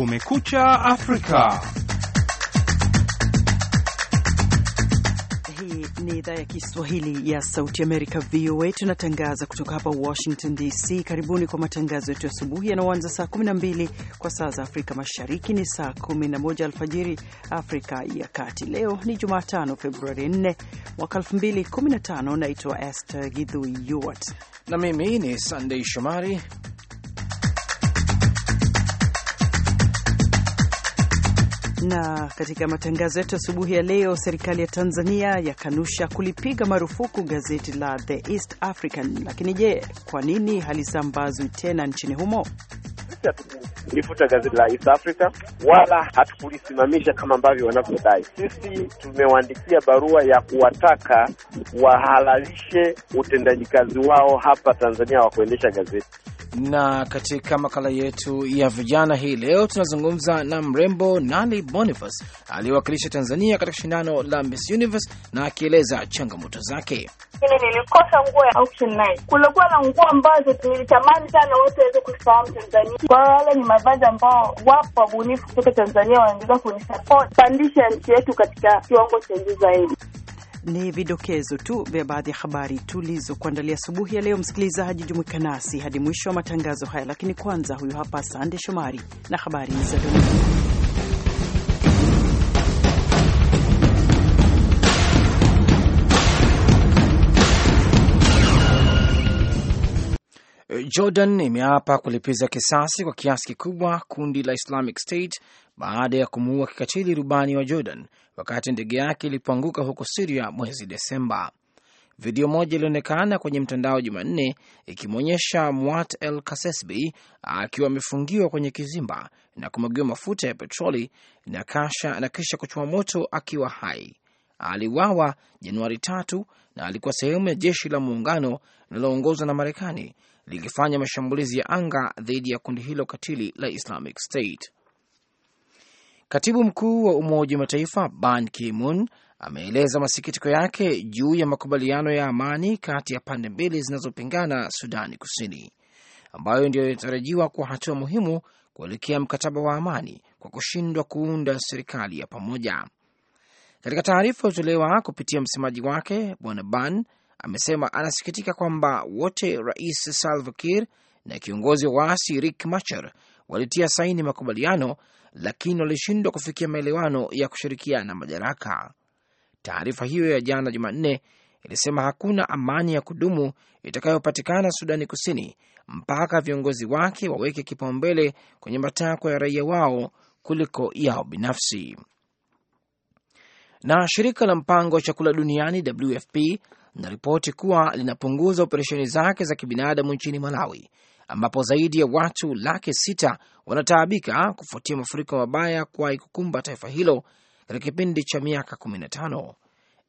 Kumekucha Afrika. Ni idhaa ya Kiswahili ya Sauti Amerika, VOA. Tunatangaza kutoka hapa Washington DC. Karibuni kwa matangazo yetu ya asubuhi yanaoanza saa 12 kwa saa za Afrika Mashariki, ni saa 11 alfajiri Afrika ya Kati. Leo ni Jumatano, Februari 4 mwaka 2015. Naitwa Esther Gidhui Yuwat na mimi ni Sandei Shomari. Na katika matangazo yetu asubuhi ya leo, serikali ya Tanzania yakanusha kulipiga marufuku gazeti la The East African. Lakini je, kwa nini halisambazwi tena nchini humo? Tulifuta gazeti la East Africa wala hatukulisimamisha kama ambavyo wanavyodai. Sisi tumewaandikia barua ya kuwataka wahalalishe utendaji kazi wao hapa Tanzania wa kuendesha gazeti na katika makala yetu ya vijana hii leo tunazungumza na mrembo Nani Boniface aliyewakilisha Tanzania katika shindano la Miss Universe na akieleza changamoto zake. Mimi nilikosa nguo ya auction night. Kulikuwa na nguo ambazo nilitamani sana watu waweze kufahamu Tanzania, kwa wale ni mavazi ambao wapo wabunifu kutoka Tanzania wanaendelea kunisupport pandisha nchi yetu katika kiwango cha juu zaidi ni vidokezo tu vya baadhi ya habari tulizokuandalia asubuhi ya leo. Msikilizaji, jumuika nasi hadi mwisho wa matangazo haya, lakini kwanza, huyu hapa Sande Shomari na habari za dunia. Jordan imeapa kulipiza kisasi kwa kiasi kikubwa kundi la Islamic State baada ya kumuua kikatili rubani wa Jordan wakati ndege yake ilipoanguka huko Siria mwezi Desemba. Video moja ilionekana kwenye mtandao Jumanne ikimwonyesha Mwat El Kasesbi akiwa amefungiwa kwenye kizimba na kumwagiwa mafuta ya petroli na kasha na kisha kuchoma moto akiwa hai. Aliwawa Januari tatu na alikuwa sehemu ya jeshi la muungano linaloongozwa na Marekani likifanya mashambulizi ya anga dhidi ya kundi hilo katili la Islamic State. Katibu mkuu wa Umoja wa Mataifa Ban Ki-moon ameeleza masikitiko yake juu ya makubaliano ya amani kati ya pande mbili zinazopingana Sudani Kusini, ambayo ndiyo inatarajiwa kuwa hatua muhimu kuelekea mkataba wa amani kwa kushindwa kuunda serikali ya pamoja. Katika taarifa iliyotolewa kupitia msemaji wake, Bwana Ban amesema anasikitika kwamba wote Rais Salva Kiir na kiongozi wa waasi rik Machar walitia saini makubaliano lakini walishindwa kufikia maelewano ya kushirikiana madaraka. Taarifa hiyo ya jana Jumanne ilisema hakuna amani ya kudumu itakayopatikana Sudani Kusini mpaka viongozi wake waweke kipaumbele kwenye matakwa ya raia wao kuliko yao binafsi. Na shirika la mpango wa chakula duniani WFP linaripoti kuwa linapunguza operesheni zake za kibinadamu nchini Malawi ambapo zaidi ya watu laki sita wanataabika kufuatia mafuriko mabaya kuwahi kukumba taifa hilo katika kipindi cha miaka na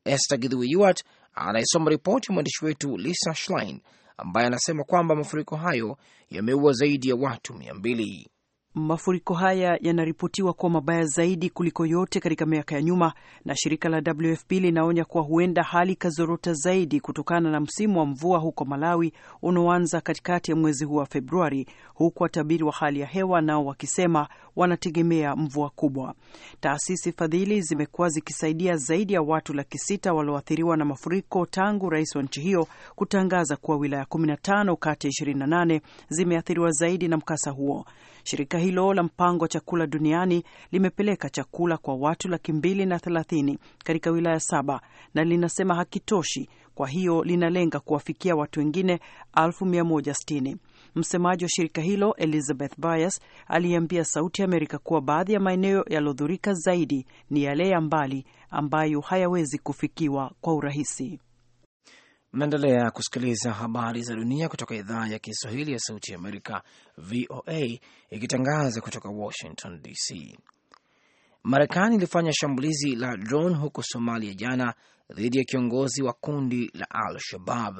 Esther Githui-Ewart anayesoma ripoti ya mwandishi wetu Lisa Schlein ambaye anasema kwamba mafuriko hayo yameua zaidi ya watu mia mbili. Mafuriko haya yanaripotiwa kuwa mabaya zaidi kuliko yote katika miaka ya nyuma, na shirika la WFP linaonya kuwa huenda hali ikazorota zaidi kutokana na msimu wa mvua huko Malawi unaoanza katikati ya mwezi huu wa Februari, huku watabiri wa hali ya hewa nao wakisema wanategemea mvua kubwa. Taasisi fadhili zimekuwa zikisaidia zaidi ya watu laki sita walioathiriwa na mafuriko tangu rais wa nchi hiyo kutangaza kuwa wilaya 15 kati ya 28 zimeathiriwa zaidi na mkasa huo. Shirika hilo la mpango wa chakula duniani limepeleka chakula kwa watu laki mbili na thelathini katika wilaya saba na linasema hakitoshi, kwa hiyo linalenga kuwafikia watu wengine elfu mia moja sitini. Msemaji wa shirika hilo Elizabeth Byers aliambia Sauti ya Amerika kuwa baadhi ya maeneo yaliyodhurika zaidi ni yale ya mbali ambayo hayawezi kufikiwa kwa urahisi. Mnaendelea kusikiliza habari za dunia kutoka idhaa ya Kiswahili ya Sauti ya Amerika, VOA, ikitangaza kutoka Washington DC. Marekani ilifanya shambulizi la drone huko Somalia jana dhidi ya kiongozi wa kundi la Al-Shabab.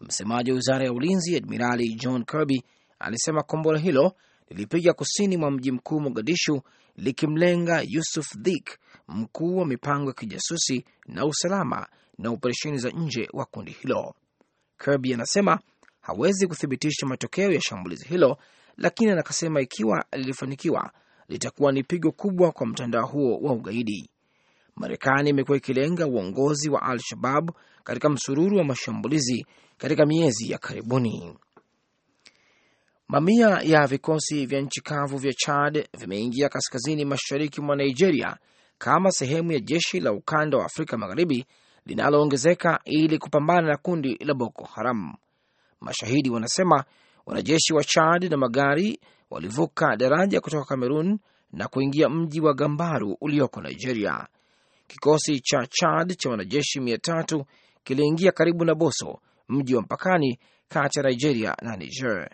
Msemaji wa wizara ya ulinzi Admirali John Kirby alisema kombora hilo lilipiga kusini mwa mji mkuu Mogadishu, likimlenga Yusuf Dik, mkuu wa mipango ya kijasusi na usalama na operesheni za nje wa kundi hilo. Kirby anasema hawezi kuthibitisha matokeo ya shambulizi hilo, lakini anakasema ikiwa lilifanikiwa litakuwa ni pigo kubwa kwa mtandao huo wa ugaidi. Marekani imekuwa ikilenga uongozi wa Al-Shabab katika msururu wa mashambulizi katika miezi ya karibuni. Mamia ya vikosi vya nchi kavu vya Chad vimeingia kaskazini mashariki mwa Nigeria kama sehemu ya jeshi la ukanda wa Afrika Magharibi linaloongezeka ili kupambana na kundi la Boko Haram. Mashahidi wanasema wanajeshi wa Chad na magari walivuka daraja kutoka Kamerun na kuingia mji wa Gambaru ulioko Nigeria. Kikosi cha Chad cha wanajeshi mia tatu kiliingia karibu na Boso, mji wa mpakani kati ya Nigeria na Niger.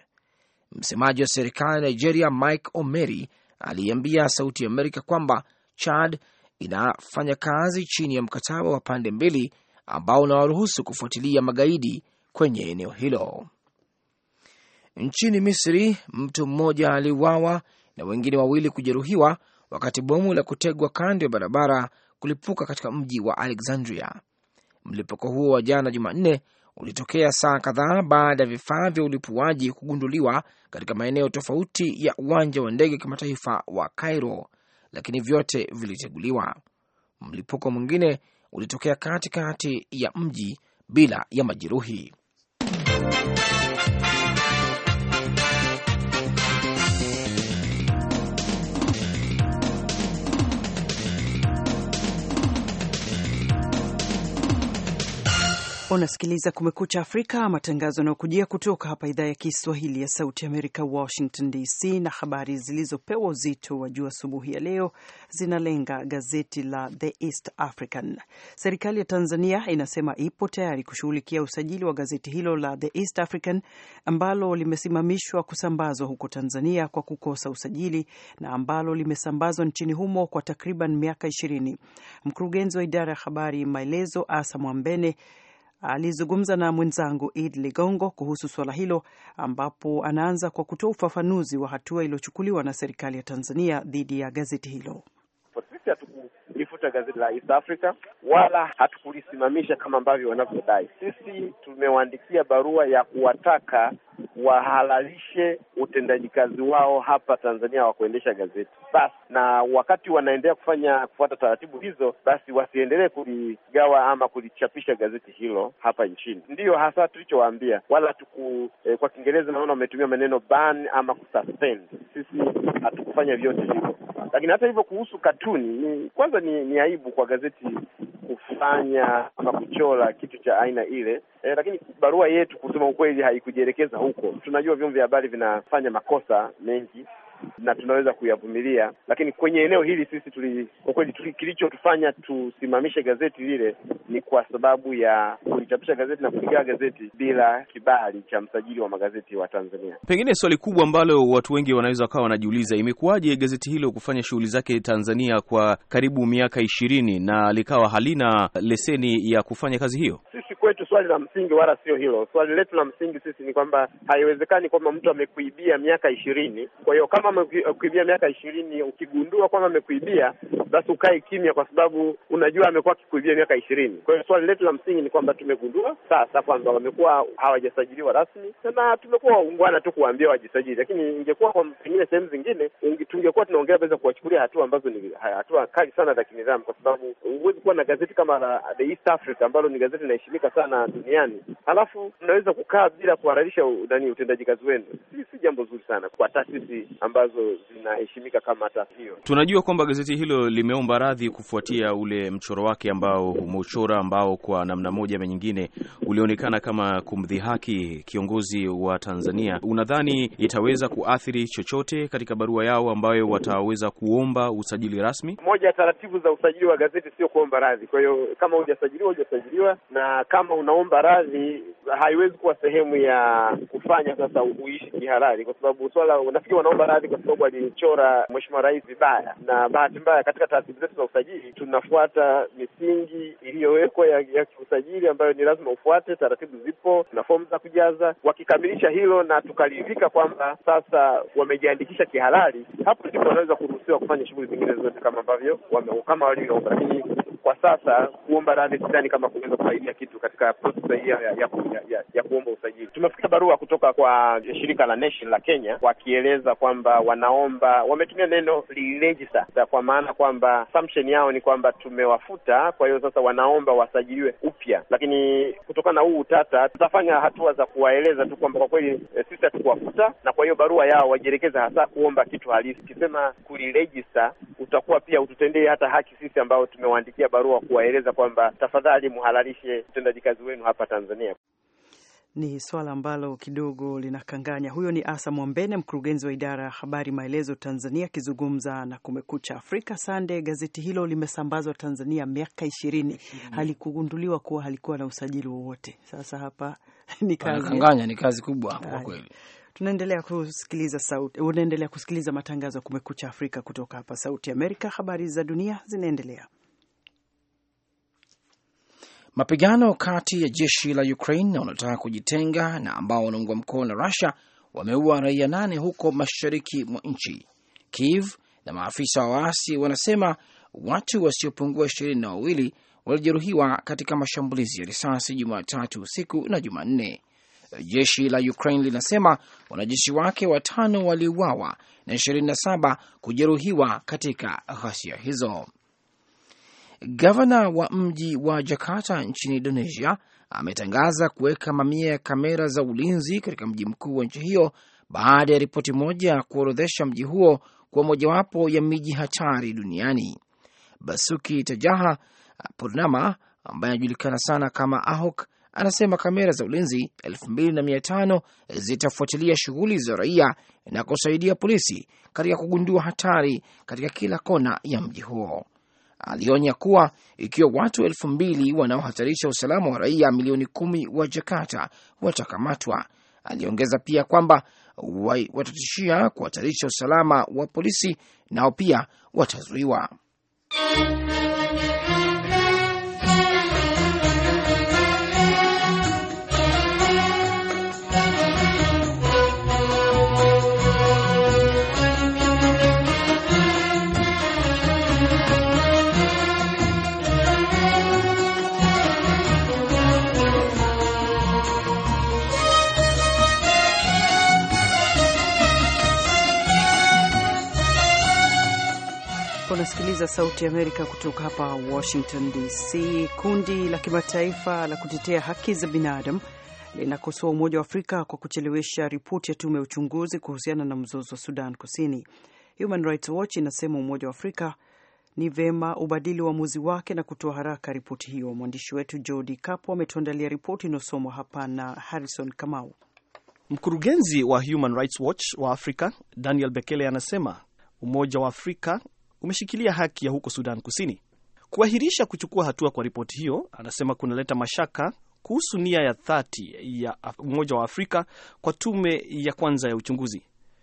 Msemaji wa serikali ya Nigeria Mike Omeri aliambia Sauti ya Amerika kwamba Chad inafanya kazi chini ya mkataba wa pande mbili ambao unawaruhusu kufuatilia magaidi kwenye eneo hilo. Nchini Misri, mtu mmoja aliuawa na wengine wawili kujeruhiwa wakati bomu la kutegwa kando ya barabara kulipuka katika mji wa Alexandria. Mlipuko huo wa jana Jumanne ulitokea saa kadhaa baada ya vifaa vya ulipuaji kugunduliwa katika maeneo tofauti ya uwanja wa ndege kimataifa wa Cairo lakini vyote viliteguliwa. Mlipuko mwingine ulitokea katikati ya mji bila ya majeruhi. Unasikiliza Kumekucha Afrika, matangazo yanayokujia kutoka hapa idhaa ya Kiswahili ya Sauti Amerika, Washington DC. Na habari zilizopewa uzito wa juu asubuhi ya leo zinalenga gazeti la The East African. Serikali ya Tanzania inasema ipo tayari kushughulikia usajili wa gazeti hilo la The East African ambalo limesimamishwa kusambazwa huko Tanzania kwa kukosa usajili na ambalo limesambazwa nchini humo kwa takriban miaka ishirini. Mkurugenzi wa idara ya habari maelezo, Asa Mwambene alizungumza na mwenzangu Id Ligongo kuhusu suala hilo, ambapo anaanza kwa kutoa ufafanuzi wa hatua iliyochukuliwa na serikali ya Tanzania dhidi ya gazeti hilo. Sisi hatukulifuta gazeti la East Africa wala hatukulisimamisha kama ambavyo wanavyodai. Sisi tumewaandikia barua ya kuwataka wahalalishe utendaji kazi wao hapa Tanzania wa kuendesha gazeti basi, na wakati wanaendelea kufanya kufuata taratibu hizo, basi wasiendelee kuligawa ama kulichapisha gazeti hilo hapa nchini. Ndiyo hasa tulichowaambia, wala tuku eh, kwa Kiingereza naona wametumia maneno ban ama kususpend. Sisi hatukufanya vyote hivyo. Lakini hata hivyo, kuhusu katuni ni, kwanza ni, ni aibu kwa gazeti kufanya ama kuchora kitu cha aina ile e, lakini barua yetu kusema ukweli haikujielekeza huko. Tunajua vyombo vya habari vinafanya makosa mengi na tunaweza kuyavumilia, lakini kwenye eneo hili sisi tuli, kwa kweli kilichotufanya tusimamishe gazeti lile ni kwa sababu ya kulichapisha gazeti na kuligawa gazeti bila kibali cha msajili wa magazeti wa Tanzania. Pengine swali kubwa ambalo watu wengi wanaweza wakawa wanajiuliza, imekuwaje gazeti hilo kufanya shughuli zake Tanzania kwa karibu miaka ishirini na likawa halina leseni ya kufanya kazi hiyo? Sisi kwetu swali la msingi wala sio hilo. Swali letu la msingi sisi ni kwamba haiwezekani kwamba mtu amekuibia miaka ishirini, kwa hiyo kama kama amekuibia miaka ishirini, ukigundua kwamba amekuibia, basi ukae kimya, kwa sababu unajua amekuwa akikuibia miaka ishirini. Kwa hiyo swali letu la msingi ni kwamba tumegundua sasa kwamba wamekuwa hawajasajiliwa rasmi, na tumekuwa waungwana tu kuwaambia wajisajili, lakini ingekuwa kwa pengine sehemu zingine tungekuwa tunaongea weza kuwachukulia hatua ambazo ni hatua kali sana za kinidhamu, kwa sababu huwezi kuwa na gazeti kama la The East Africa ambalo ni gazeti linaheshimika sana duniani, halafu mnaweza kukaa bila kuhararisha nani utendaji kazi wenu. Si, si jambo zuri sana kwa taasisi ambazo zinaheshimika kama taasisi hiyo. Tunajua kwamba gazeti hilo limeomba radhi kufuatia ule mchoro wake ambao umeuchora, ambao kwa namna moja ama nyingine ulionekana kama kumdhihaki kiongozi wa Tanzania. Unadhani itaweza kuathiri chochote katika barua yao ambayo wataweza kuomba usajili rasmi? Moja ya taratibu za usajili wa gazeti sio kuomba radhi. Kwa hiyo kama hujasajiliwa, hujasajiliwa, na kama unaomba radhi haiwezi kuwa sehemu ya kufanya sasa uishi kihalali, kwa sababu swala, nafikiri wanaomba radhi ni kwa sababu alimchora mheshimiwa rais vibaya, na bahati mbaya katika taratibu zetu za usajili tunafuata misingi iliyowekwa ya, ya kiusajili ambayo ni lazima ufuate. Taratibu zipo na fomu za kujaza. Wakikamilisha hilo na tukaridhika kwamba sasa wamejiandikisha kihalali, hapo ndipo wanaweza kuruhusiwa kufanya shughuli zingine zote kama ambavyo kama walivyoomba, lakini kwa sasa kuomba radhi, sidhani kama kuweza kusaidia kitu katika process hiyo ya, ya, ya, ya kuomba usajili. Tumefikia barua kutoka kwa shirika la Nation la Kenya wakieleza kwamba wanaomba, wametumia neno re-register, kwa maana kwamba assumption yao ni kwamba tumewafuta, kwa hiyo sasa wanaomba wasajiliwe upya. Lakini kutokana na huu utata, tutafanya hatua za kuwaeleza tu kwamba kwa kweli e, sisi hatukuwafuta, na kwa hiyo barua yao wajielekeza hasa kuomba kitu halisi. Ukisema kuliregister, utakuwa pia ututendee hata haki sisi ambao tumewaandikia barua kuwaeleza kwamba tafadhali mhalalishe mtendaji kazi wenu hapa Tanzania. Ni swala ambalo kidogo linakanganya. Huyo ni Asa Mwambene, mkurugenzi wa idara ya habari maelezo Tanzania, akizungumza na Kumekucha Afrika Sande. Gazeti hilo limesambazwa Tanzania miaka ishirini. Halikugunduliwa kuwa halikuwa na usajili wowote. Sasa hapa ni kazi, kanganya ni kazi kubwa kwa kweli. Tunaendelea kusikiliza sauti, unaendelea kusikiliza matangazo ya Kumekucha Afrika kutoka hapa Sauti Amerika. Habari za dunia zinaendelea. Mapigano kati ya jeshi la Ukraine na wanaotaka kujitenga na ambao wanaungwa mkono na Rusia wameua raia nane huko mashariki mwa nchi. Kiev na maafisa wa waasi wanasema watu wasiopungua ishirini na wawili walijeruhiwa katika mashambulizi ya risasi Jumatatu usiku na Jumanne. Jeshi la Ukraine linasema wanajeshi wake watano waliuawa na 27 kujeruhiwa katika ghasia hizo. Gavana wa mji wa Jakarta nchini Indonesia ametangaza kuweka mamia ya kamera za ulinzi katika mji mkuu wa nchi hiyo baada ya ripoti moja kuorodhesha mji huo kwa mojawapo ya miji hatari duniani. Basuki Tajaha Purnama ambaye anajulikana sana kama Ahok anasema kamera za ulinzi 25 zitafuatilia shughuli za raia na kusaidia polisi katika kugundua hatari katika kila kona ya mji huo alionya kuwa ikiwa watu elfu mbili wanaohatarisha usalama wa raia milioni kumi wa Jakarta watakamatwa. Aliongeza pia kwamba watatishia kuhatarisha usalama wa polisi, nao pia watazuiwa. unasikiliza Sauti ya Amerika kutoka hapa Washington DC. Kundi la kimataifa la kutetea haki za binadamu linakosoa Umoja wa Afrika kwa kuchelewesha ripoti ya tume ya uchunguzi kuhusiana na mzozo wa Sudan Kusini. Human Rights Watch inasema Umoja wa Afrika ni vema ubadili uamuzi wa wake na kutoa haraka ripoti hiyo. Mwandishi wetu Jodi Kapo ametuandalia ripoti inayosomwa hapa na Harrison Kamau. Mkurugenzi wa Human Rights Watch wa Afrika Daniel Bekele anasema Umoja wa Afrika umeshikilia haki ya huko Sudan Kusini. Kuahirisha kuchukua hatua kwa ripoti hiyo, anasema kunaleta mashaka kuhusu nia ya dhati ya Umoja wa Afrika kwa tume ya kwanza ya uchunguzi.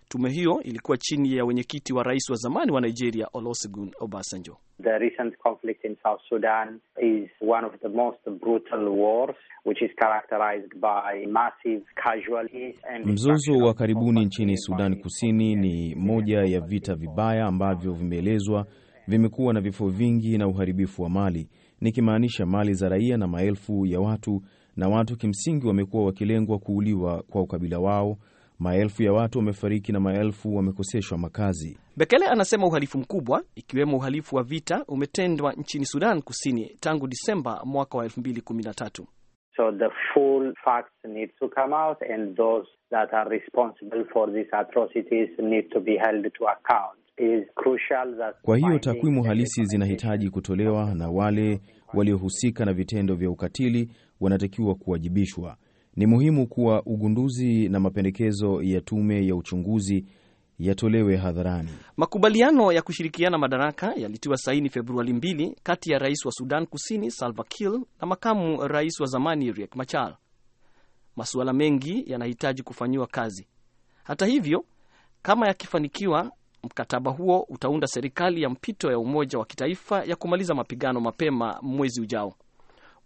Tume hiyo ilikuwa chini ya wenyekiti wa rais wa zamani wa Nigeria Olusegun Obasanjo. The recent conflict in South Sudan is one of the most brutal wars which is characterized by massive casualties and... Mzozo wa karibuni nchini Sudan Kusini ni moja ya vita vibaya ambavyo vimeelezwa vimekuwa na vifo vingi na uharibifu wa mali, nikimaanisha mali za raia na maelfu ya watu, na watu kimsingi wamekuwa wakilengwa kuuliwa kwa ukabila wao Maelfu ya watu wamefariki na maelfu wamekoseshwa makazi. Bekele anasema uhalifu mkubwa ikiwemo uhalifu wa vita umetendwa nchini Sudan Kusini tangu Disemba mwaka wa 2013. So the full facts need to come out and those that are responsible for these atrocities need to be held to account. Kwa hiyo takwimu halisi zinahitaji kutolewa na wale waliohusika na vitendo vya ukatili wanatakiwa kuwajibishwa. Ni muhimu kuwa ugunduzi na mapendekezo ya tume ya uchunguzi yatolewe hadharani. Makubaliano ya kushirikiana madaraka yalitiwa saini Februari 2 kati ya rais wa Sudan Kusini Salva Kiir na makamu rais wa zamani Riek Machar. Masuala mengi yanahitaji kufanyiwa kazi. Hata hivyo, kama yakifanikiwa, mkataba huo utaunda serikali ya mpito ya umoja wa kitaifa ya kumaliza mapigano mapema mwezi ujao.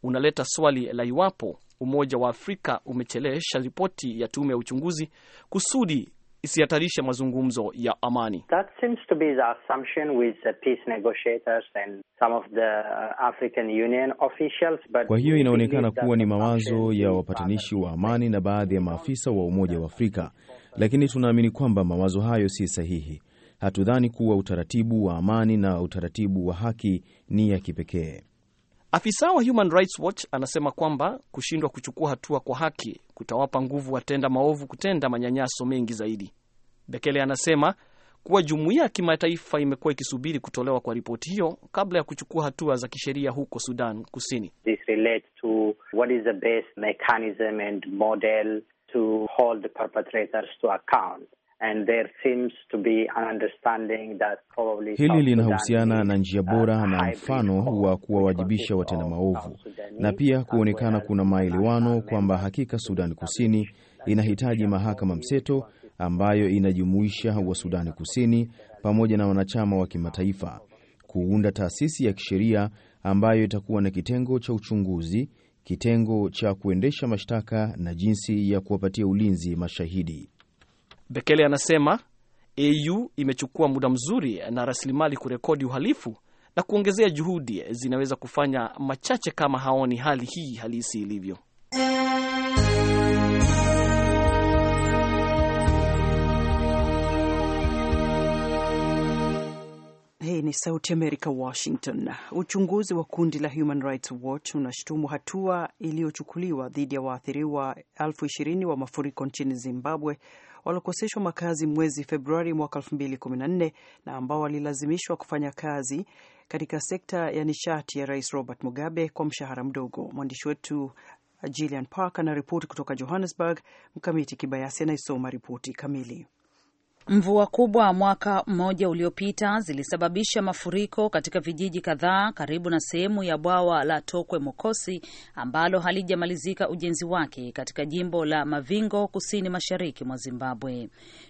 Unaleta swali la iwapo Umoja wa Afrika umechelesha ripoti ya tume ya uchunguzi kusudi isihatarishe mazungumzo ya amani. That seems to be the assumption with the peace negotiators and some of the uh, African Union officials, but kwa hiyo inaonekana kuwa ni mawazo ya wapatanishi wa amani na baadhi ya maafisa wa Umoja wa Afrika, lakini tunaamini kwamba mawazo hayo si sahihi. Hatudhani kuwa utaratibu wa amani na utaratibu wa haki ni ya kipekee. Afisa wa Human Rights Watch anasema kwamba kushindwa kuchukua hatua kwa haki kutawapa nguvu watenda maovu kutenda manyanyaso mengi zaidi. Bekele anasema kuwa jumuiya ya kimataifa imekuwa ikisubiri kutolewa kwa ripoti hiyo kabla ya kuchukua hatua za kisheria huko Sudan Kusini. This relates to what is the best mechanism and model to hold the perpetrators to account. And there seems to be an understanding that probably hili linahusiana na njia bora na mfano wa kuwawajibisha watenda maovu na pia kuonekana kuna maelewano kwamba hakika Sudani Kusini inahitaji mahakama mseto ambayo inajumuisha wa Sudani Kusini pamoja na wanachama wa kimataifa kuunda taasisi ya kisheria ambayo itakuwa na kitengo cha uchunguzi, kitengo cha kuendesha mashtaka na jinsi ya kuwapatia ulinzi mashahidi. Bekele anasema AU imechukua muda mzuri na rasilimali kurekodi uhalifu na kuongezea juhudi zinaweza kufanya machache kama haoni hali hii halisi ilivyo. Hii ni Sauti Amerika, Washington. Uchunguzi wa kundi la Human Rights Watch unashutumu hatua iliyochukuliwa dhidi ya waathiriwa elfu ishirini wa mafuriko nchini Zimbabwe waliokoseshwa makazi mwezi Februari mwaka 2014 na ambao walilazimishwa kufanya kazi katika sekta ya nishati ya Rais Robert Mugabe kwa mshahara mdogo. Mwandishi wetu Gillian Park anaripoti kutoka Johannesburg. Mkamiti Kibayasi anaisoma ripoti kamili. Mvua kubwa mwaka mmoja uliopita zilisababisha mafuriko katika vijiji kadhaa karibu na sehemu ya bwawa la Tokwe Mokosi ambalo halijamalizika ujenzi wake katika jimbo la Mavingo kusini mashariki mwa Zimbabwe.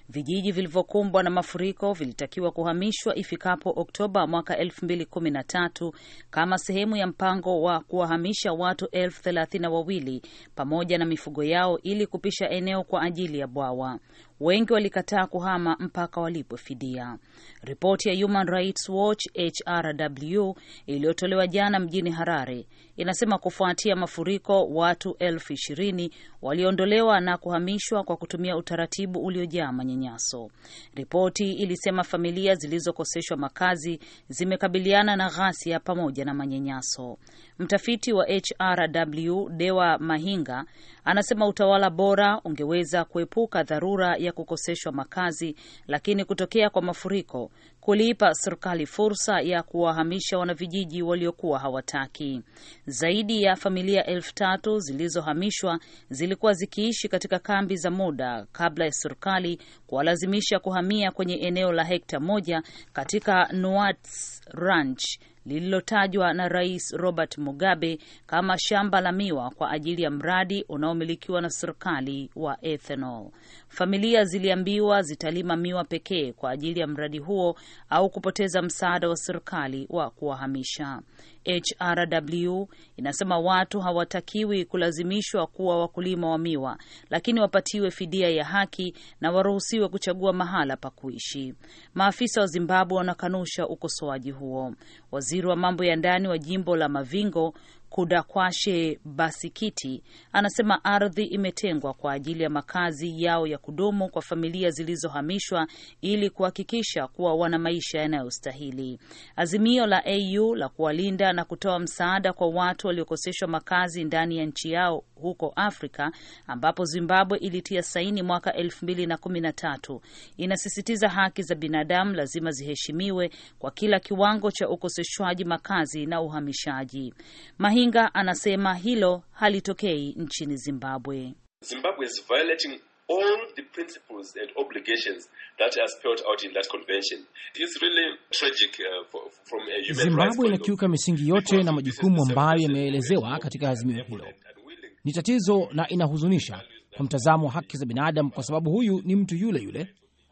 Vijiji vilivyokumbwa na mafuriko vilitakiwa kuhamishwa ifikapo Oktoba mwaka 2013 kama sehemu ya mpango wa kuwahamisha watu elfu thelathini na wawili pamoja na mifugo yao ili kupisha eneo kwa ajili ya bwawa. Wengi walikataa kuhama mpaka walipofidia. Ripoti ya Human Rights Watch HRW iliyotolewa jana mjini Harare inasema kufuatia mafuriko watu elfu ishirini waliondolewa na kuhamishwa kwa kutumia utaratibu uliojaa manyanyaso. Ripoti ilisema familia zilizokoseshwa makazi zimekabiliana na ghasia pamoja na manyanyaso. Mtafiti wa HRW Dewa Mahinga anasema utawala bora ungeweza kuepuka dharura ya kukoseshwa makazi, lakini kutokea kwa mafuriko kuliipa serikali fursa ya kuwahamisha wanavijiji waliokuwa hawataki. Zaidi ya familia elfu tatu zilizohamishwa zilikuwa zikiishi katika kambi za muda kabla ya serikali kuwalazimisha kuhamia kwenye eneo la hekta moja katika Nuats Ranch lililotajwa na Rais Robert Mugabe kama shamba la miwa kwa ajili ya mradi unaomilikiwa na serikali wa ethanol. Familia ziliambiwa zitalima miwa pekee kwa ajili ya mradi huo au kupoteza msaada wa serikali wa kuwahamisha. HRW inasema watu hawatakiwi kulazimishwa kuwa wakulima wa miwa, lakini wapatiwe fidia ya haki na waruhusiwe kuchagua mahala pa kuishi. Maafisa wa Zimbabwe wanakanusha ukosoaji huo. Waziri wa mambo ya ndani wa jimbo la Mavingo Kudakwashe Basikiti anasema ardhi imetengwa kwa ajili ya makazi yao ya kudumu kwa familia zilizohamishwa ili kuhakikisha kuwa wana maisha yanayostahili. Azimio la AU la kuwalinda na kutoa msaada kwa watu waliokoseshwa makazi ndani ya nchi yao huko Afrika, ambapo Zimbabwe ilitia saini mwaka elfu mbili na kumi na tatu, inasisitiza haki za binadamu lazima ziheshimiwe kwa kila kiwango cha ukoseshwaji makazi na uhamishaji. Mahinga anasema hilo halitokei nchini Zimbabwe. Zimbabwe is violating all the principles and obligations that are spelled out in that convention. really tragic uh, from a human Zimbabwe inakiuka misingi yote na majukumu ambayo yameelezewa katika azimio hilo. Ni tatizo na inahuzunisha kwa mtazamo wa haki za binadamu, kwa sababu huyu ni mtu yule yule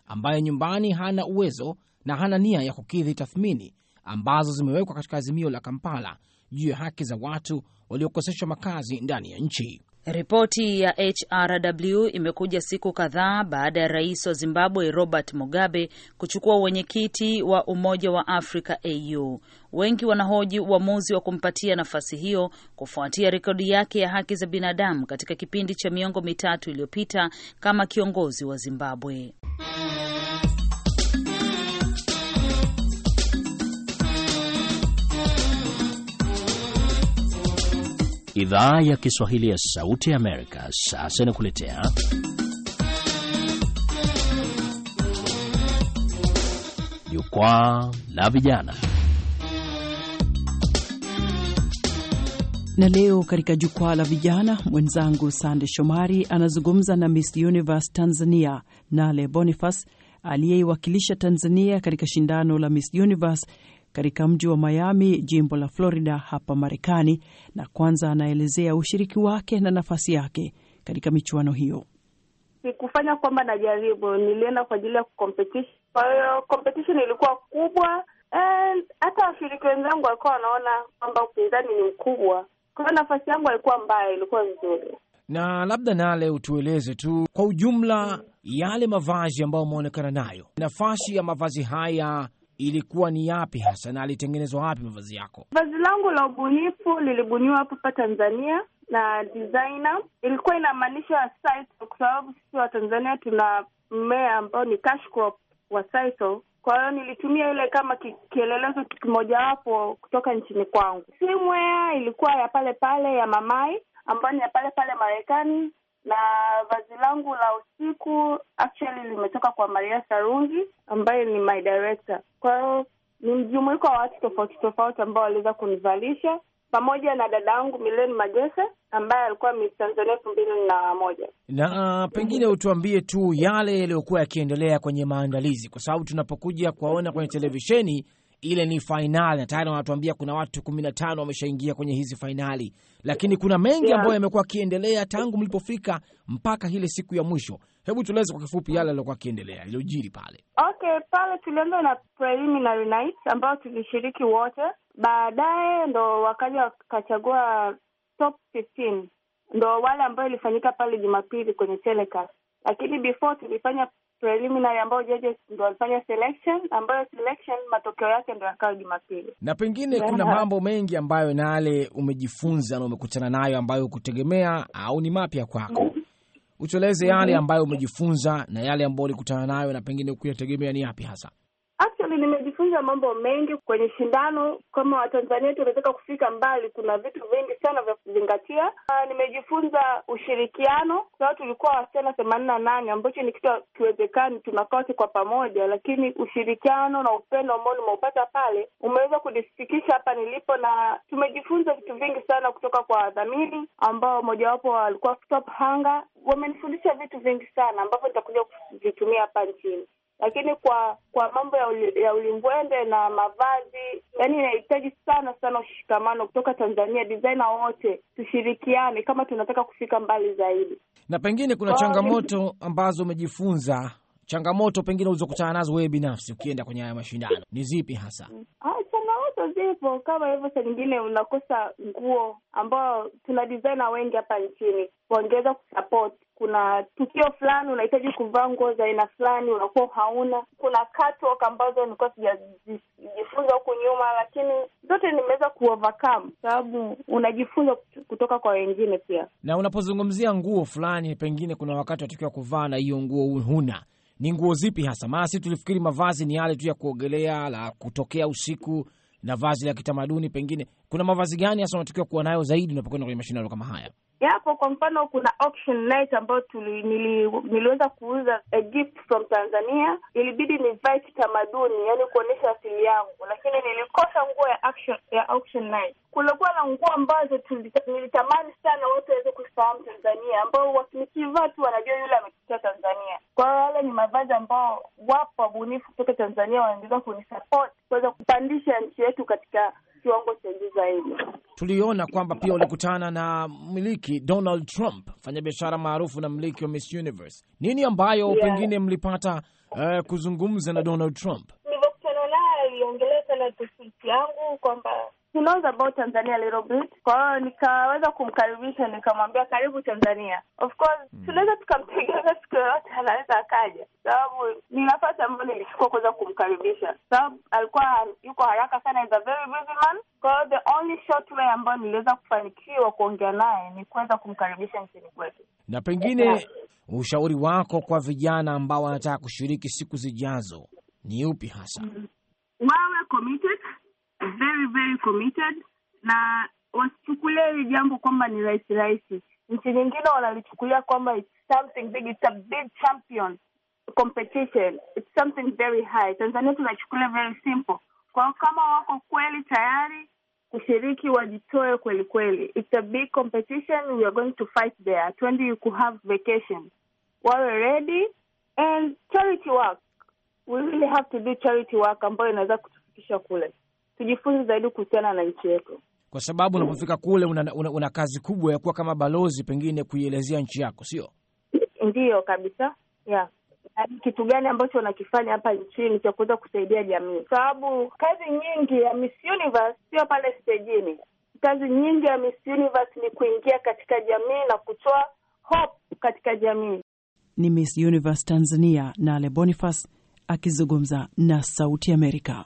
ambaye nyumbani hana uwezo na hana nia ya kukidhi tathmini ambazo zimewekwa katika azimio la Kampala juu ya haki za watu waliokoseshwa makazi ndani ya nchi. Ripoti ya HRW imekuja siku kadhaa baada ya rais wa Zimbabwe Robert Mugabe kuchukua wenyekiti wa Umoja wa Afrika AU. Wengi wanahoji uamuzi wa kumpatia nafasi hiyo kufuatia rekodi yake ya haki za binadamu katika kipindi cha miongo mitatu iliyopita kama kiongozi wa Zimbabwe. Idhaa ya Kiswahili ya Sauti ya Amerika sasa inakuletea Jukwaa la Vijana. Na leo katika Jukwaa la Vijana, mwenzangu Sande Shomari anazungumza na Miss Universe Tanzania Nale Boniface aliyeiwakilisha Tanzania katika shindano la Miss Universe katika mji wa Miami, jimbo la Florida hapa Marekani, na kwanza anaelezea ushiriki wake na nafasi yake katika michuano hiyo. Sikufanya kwamba najaribu, nilienda kwa ajili ya kwahiyo Kwa hiyo competition ilikuwa kubwa, hata washiriki wenzangu walikuwa wanaona kwamba upinzani ni mkubwa. Kwa hiyo nafasi yangu alikuwa mbaya, ilikuwa nzuri. Na labda Nale, utueleze tu kwa ujumla yale mavazi ambayo umeonekana nayo, nafasi ya mavazi haya ilikuwa ni yapi hasa na alitengenezwa wapi mavazi yako? Vazi langu la ubunifu lilibuniwa hapa hapa Tanzania na designer. Ilikuwa inamaanisha sisal, kwa sababu sisi wa Tanzania tuna mmea ambao ni cash crop wa Saito. Kwa hiyo nilitumia ile kama kielelezo kimojawapo kutoka nchini kwangu. Swimwear ilikuwa ya pale pale ya Mamai ambayo ni ya pale pale Marekani na vazi langu la usiku actually limetoka kwa Maria Sarungi ambaye ni my director. Kwa hiyo ni mjumuiko wa watu tofauti tofauti ambao waliweza kunivalisha pamoja na dada yangu Mileni Magese ambaye alikuwa Miss Tanzania elfu mbili na moja. Na ah, pengine utuambie tu yale yaliyokuwa yakiendelea kwenye maandalizi, kwa sababu tunapokuja kuwaona kwenye televisheni ile ni fainali na tayari wanatuambia kuna watu kumi na tano wameshaingia kwenye hizi fainali, lakini kuna mengi ambayo yamekuwa akiendelea tangu mlipofika mpaka ile siku ya mwisho. Hebu tueleze kwa kifupi yale aliokuwa akiendelea, iliyojiri pale. Okay, pale tulianza na preliminary night ambayo tulishiriki wote, baadaye ndo wakaja wakachagua top 15 ndo wale ambayo ilifanyika pale Jumapili kwenye telecast, lakini before tulifanya preliminary ambao judges ndo walifanya selection, ambayo selection matokeo yake ndo yakawa Jumapili. Na pengine kuna mambo mengi ambayo nale umejifunza na umekutana nayo ambayo ukutegemea au ni mapya kwako, utueleze yale mhm. ambayo umejifunza na yale ambayo ulikutana nayo na pengine ukuyategemea ni yapi hasa? actually nimejifunza mambo mengi kwenye shindano. Kama Watanzania tunataka kufika mbali, kuna vitu vingi sana vya kuzingatia. Ah, nimejifunza ushirikiano. sawa. tulikuwa wasichana themanini na nane ambacho ni kitu kiwezekani, tunakaa kwa pamoja, lakini ushirikiano na upendo ambao nimeupata pale umeweza kunifikisha hapa nilipo, na tumejifunza vitu vingi sana kutoka kwa wadhamini ambao mojawapo walikuwa Stop Hunger. Wamenifundisha vitu vingi sana ambavyo nitakuja kuvitumia hapa nchini lakini kwa kwa mambo ya, uli, ya ulimbwende na mavazi, yani inahitaji sana sana ushikamano kutoka Tanzania, designer wote tushirikiane kama tunataka kufika mbali zaidi. Na pengine kuna changamoto ambazo umejifunza changamoto pengine ulizokutana nazo wewe binafsi ukienda kwenye haya mashindano ni zipi hasa? Ah, hivyo kama hivyo, saa nyingine unakosa nguo ambao tuna designer wengi hapa nchini wangeweza kusupport. Kuna tukio fulani unahitaji kuvaa nguo za aina fulani, unakuwa hauna. Kuna catwalk ambazo nilikuwa sijajifunza huku nyuma, lakini zote nimeweza kuovercome, sababu unajifunza kutoka kwa wengine pia. Na unapozungumzia nguo fulani, pengine kuna wakati unatakiwa kuvaa na hiyo nguo huna ni nguo zipi hasa? Maana si tulifikiri mavazi ni yale tu ya kuogelea la kutokea usiku, na vazi la kitamaduni pengine, kuna mavazi gani hasa unatakiwa kuwa nayo zaidi unapokwenda kwenye mashindano kama haya? Yapo, kwa mfano kuna auction night ambayo nili, niliweza kuuza a gift from Tanzania. Ilibidi nivae kitamaduni, yani kuonyesha asili yangu, lakini nilikosa nguo ya action, ya auction night. Kulikuwa na nguo ambazo nilitamani sana watu waweze kuifahamu Tanzania, ambao wakivaa tu wanajua yule ametoka Tanzania. Kwa hiyo yale ni mavazi ambao wapo wabunifu kutoka Tanzania wanaweza kunisupport kupandisha nchi yetu katika kiwango cha juu zaidi. Tuliona kwamba pia ulikutana na mmiliki Donald Trump, mfanyabiashara maarufu na mmiliki wa Miss Universe. Nini ambayo yeah, pengine mlipata uh, kuzungumza na Donald Trump? Nilivyokutana naye aliongelea sana tofauti yangu kwamba he knows about Tanzania a little bit. Kwa hiyo nikaweza kumkaribisha, nikamwambia karibu Tanzania. Of course mm. tunaweza tukamtegeza siku yoyote, anaweza akaja, sababu ni nafasi ambayo nilichukua kuweza kumkaribisha, sababu alikuwa yuko haraka sana, is a very busy man. Kwa hiyo the only short way ambayo niliweza kufanikiwa kuongea naye ni kuweza kumkaribisha nchini kwetu. Na pengine yeah. ushauri wako kwa vijana ambao wanataka kushiriki siku zijazo ni upi hasa? mm -hmm. Wawe committed very very committed, na wasichukulia hili jambo kwamba ni rahisi rahisi. Nchi nyingine wanalichukulia kwamba it's something big, it's a big champion competition, it's something very high. Tanzania tunachukulia very simple. Kwa kama wako kweli tayari kushiriki wajitoe kweli kweli. It's a big competition, we are going to fight there. Twende you could have vacation, wawe ready and charity work, we really have to do charity work ambayo inaweza kutufikisha kule tujifunze zaidi kuhusiana na nchi yetu, kwa sababu unapofika kule una, una, una kazi kubwa ya kuwa kama balozi, pengine kuielezea nchi yako, sio ndiyo? Kabisa, yeah kitu gani ambacho wanakifanya hapa nchini cha kuweza kusaidia jamii, kwa sababu kazi nyingi ya Miss Universe sio pale stejini. Kazi nyingi ya Miss Universe ni kuingia katika jamii na kutoa hope katika jamii. Ni Miss Universe Tanzania Nale Boniface akizungumza na Sauti Amerika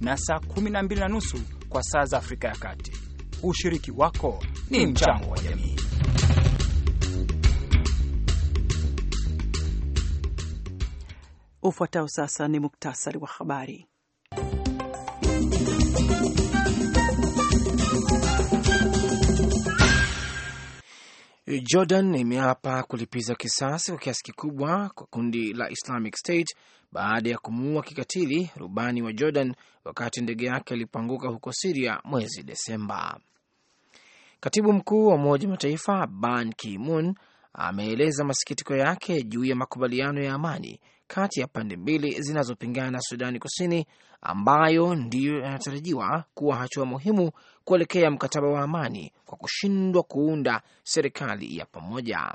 na saa 12 na nusu kwa saa za Afrika ya Kati. Ushiriki wako ni mchango wa jamii. Ufuatao sasa ni muktasari wa habari. Jordan imeapa kulipiza kisasi kwa kiasi kikubwa kwa kundi la Islamic State baada ya kumuua kikatili rubani wa Jordan wakati ndege yake ilipoanguka huko Siria mwezi Desemba. Katibu mkuu wa Umoja wa Mataifa Ban Ki-moon ameeleza masikitiko yake juu ya makubaliano ya amani kati ya pande mbili zinazopingana Sudani Kusini, ambayo ndiyo yanatarajiwa kuwa hatua muhimu kuelekea mkataba wa amani kwa kushindwa kuunda serikali ya pamoja.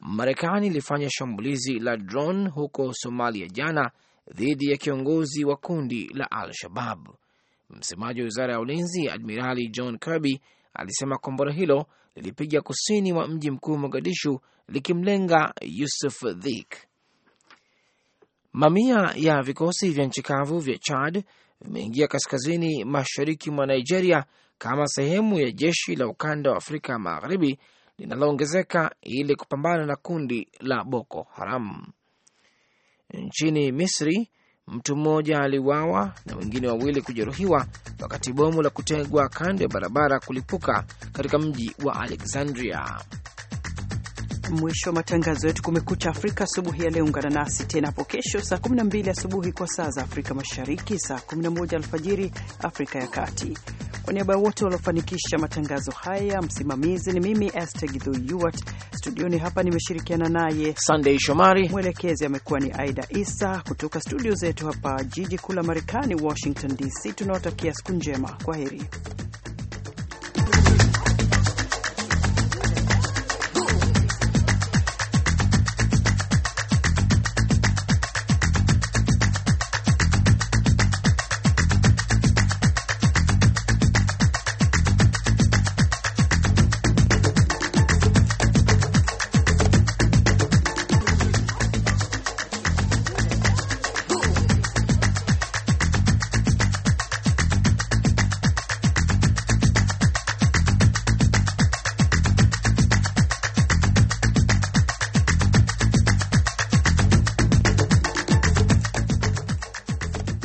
Marekani ilifanya shambulizi la drone huko Somalia jana dhidi ya kiongozi wa kundi la Al-Shabab. Msemaji wa wizara ya ulinzi Admirali John Kirby alisema kombora hilo lilipiga kusini mwa mji mkuu Mogadishu likimlenga Yusuf Dhik. Mamia ya vikosi vya nchi kavu vya Chad vimeingia kaskazini mashariki mwa Nigeria kama sehemu ya jeshi la ukanda wa Afrika Magharibi linaloongezeka ili kupambana na kundi la Boko Haram. Nchini Misri, mtu mmoja aliuawa na wengine wawili kujeruhiwa wakati bomu la kutegwa kando ya barabara kulipuka katika mji wa Alexandria mwisho wa matangazo yetu Kumekucha Afrika asubuhi ya leo. Ungana nasi tena hapo kesho saa 12 asubuhi kwa saa za Afrika Mashariki, saa 11 alfajiri Afrika ya Kati. Kwa niaba ya wote waliofanikisha matangazo haya, msimamizi ni mimi Astegidhuuat, studioni hapa nimeshirikiana naye sandey Shomari, mwelekezi amekuwa ni Aida Isa. Kutoka studio zetu hapa jiji kuu la Marekani, Washington DC, tunawatakia siku njema. Kwa heri.